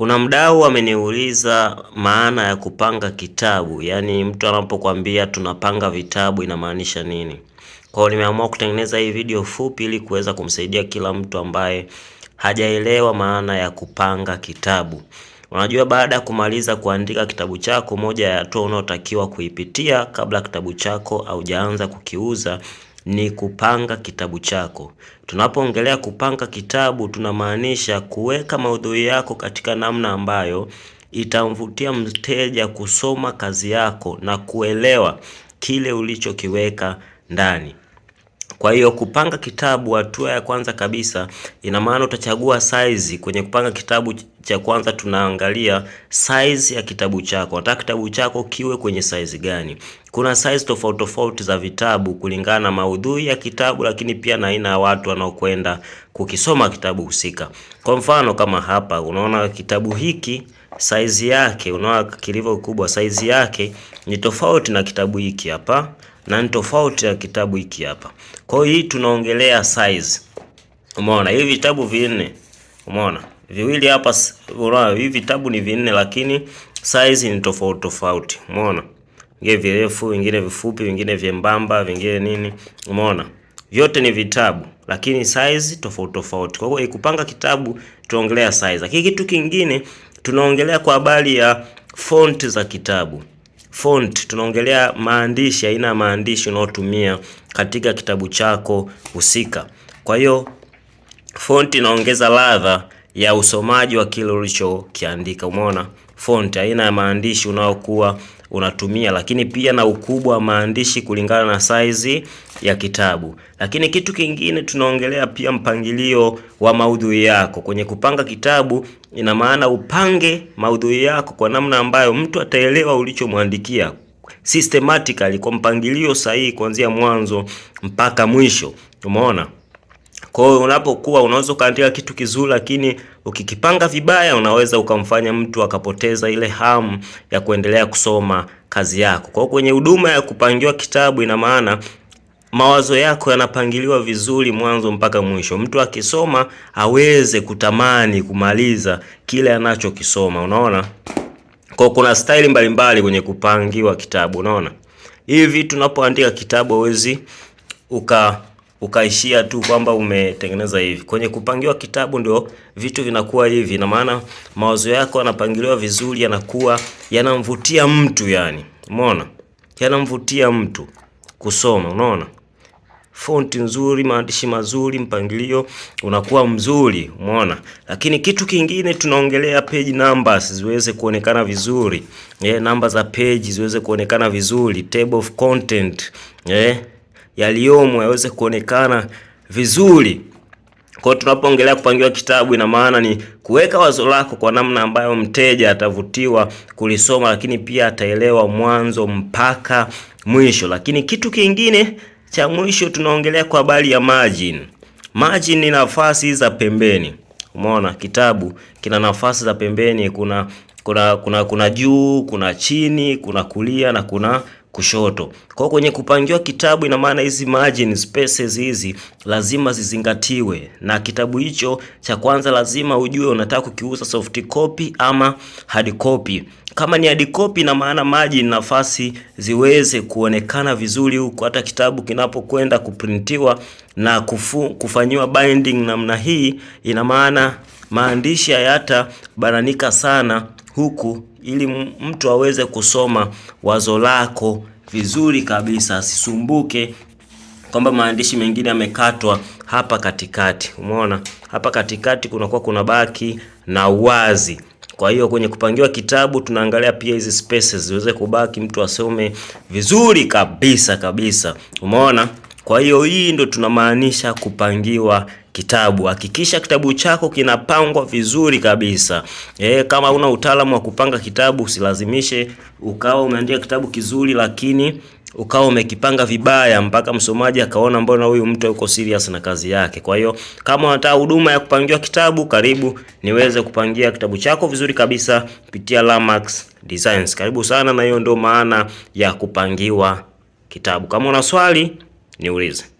Kuna mdau ameniuliza maana ya kupanga kitabu, yaani mtu anapokuambia tunapanga vitabu inamaanisha nini? kwao nimeamua kutengeneza hii video fupi ili kuweza kumsaidia kila mtu ambaye hajaelewa maana ya kupanga kitabu. Unajua, baada ya kumaliza kuandika kitabu chako, moja ya hatua unaotakiwa kuipitia kabla kitabu chako haujaanza kukiuza ni kupanga kitabu chako. Tunapoongelea kupanga kitabu, tunamaanisha kuweka maudhui yako katika namna ambayo itamvutia mteja kusoma kazi yako na kuelewa kile ulichokiweka ndani. Kwa hiyo kupanga kitabu, hatua ya kwanza kabisa, ina maana utachagua saizi kwenye kupanga kitabu cha kwanza tunaangalia size ya kitabu chako. Nataka kitabu chako kiwe kwenye size gani? Kuna size tofauti tofauti za vitabu kulingana na maudhui ya kitabu, lakini pia na aina ya watu wanaokwenda kukisoma kitabu husika. Kwa mfano kama hapa unaona kitabu hiki size yake, unaona kilivyo kubwa, size yake ni tofauti na kitabu hiki hapa na ni tofauti na kitabu hiki hapa. Kwa hiyo hii tunaongelea size. Umeona hivi vitabu vinne Umeona viwili hapa, unaona hivi vitabu ni vinne, lakini size ni tofauti tofauti. Umeona vingine virefu, vingine vifupi, vingine vyembamba, vingine nini. Umeona vyote ni vitabu lakini size tofauti tofauti. Kwa hiyo ikupanga kitabu tuongelea size, lakini kitu kingine tunaongelea kwa habari ya font za kitabu. Font tunaongelea maandishi, aina ya maandishi unaotumia katika kitabu chako husika. Kwa hiyo Fonti inaongeza ladha ya usomaji wa kile ulichokiandika. Umeona fonti, aina ya maandishi unaokuwa unatumia, lakini pia na ukubwa wa maandishi kulingana na saizi ya kitabu. Lakini kitu kingine tunaongelea pia mpangilio wa maudhui yako. Kwenye kupanga kitabu, ina maana upange maudhui yako kwa namna ambayo mtu ataelewa ulichomwandikia systematically, kwa mpangilio sahihi kuanzia mwanzo mpaka mwisho. Umeona. Kwa hiyo unapokuwa unaweza ukaandika kitu kizuri, lakini ukikipanga vibaya, unaweza ukamfanya mtu akapoteza ile hamu ya kuendelea kusoma kazi yako. Kwa hiyo kwenye huduma ya kupangiwa kitabu, ina maana mawazo yako yanapangiliwa vizuri mwanzo mpaka mwisho, mtu akisoma aweze kutamani kumaliza kile anachokisoma. Unaona, kwa kuna staili mbalimbali kwenye kupangiwa kitabu. Unaona hivi, tunapoandika kitabu hawezi uka ukaishia tu kwamba umetengeneza hivi. Kwenye kupangiwa kitabu ndio vitu vinakuwa hivi, na maana mawazo yako yanapangiliwa vizuri, yanakuwa yanamvutia mtu, yani umeona, yanamvutia mtu kusoma, unaona fonti nzuri, maandishi mazuri, mpangilio unakuwa mzuri, umeona. Lakini kitu kingine tunaongelea page numbers ziweze kuonekana vizuri, eh, namba za page ziweze kuonekana vizuri, table of content eh yaliyomo yaweze kuonekana vizuri. Kwa hiyo tunapoongelea kupangiwa kitabu, ina maana ni kuweka wazo lako kwa namna ambayo mteja atavutiwa kulisoma, lakini pia ataelewa mwanzo mpaka mwisho. Lakini kitu kingine cha mwisho tunaongelea kwa habari ya margin. Margin ni nafasi za pembeni. Umeona kitabu kina nafasi za pembeni, kuna kuna kuna kuna juu, kuna chini, kuna kulia na kuna kushoto. Kwa kwenye kupangiwa kitabu, ina maana hizi margin spaces hizi lazima zizingatiwe, na kitabu hicho cha kwanza lazima ujue unataka kukiuza soft copy ama hard copy. Kama ni hard copy, ina maana margin nafasi ziweze kuonekana vizuri huku hata kitabu kinapokwenda kuprintiwa na kufu, kufanyiwa binding namna hii, ina maana maandishi hayatabaranika sana huku, ili mtu aweze kusoma wazo lako vizuri kabisa, asisumbuke kwamba maandishi mengine yamekatwa hapa katikati. Umeona hapa katikati kunakuwa kuna baki na uwazi. Kwa hiyo kwenye kupangiwa kitabu tunaangalia pia hizi spaces ziweze kubaki, mtu asome vizuri kabisa kabisa. Umeona? Kwa hiyo hii ndo tunamaanisha kupangiwa kitabu. Hakikisha kitabu chako kinapangwa vizuri kabisa. E, kama una utaalamu wa kupanga kitabu usilazimishe ukawa umeandika kitabu kizuri lakini ukawa umekipanga vibaya mpaka msomaji akaona mbona huyu mtu yuko serious na kazi yake. Kwa hiyo kama unataka huduma ya kupangiwa kitabu, karibu niweze kupangia kitabu chako vizuri kabisa kupitia Lamax Designs. Karibu sana, na hiyo ndio maana ya kupangiwa kitabu. Kama una swali niulize.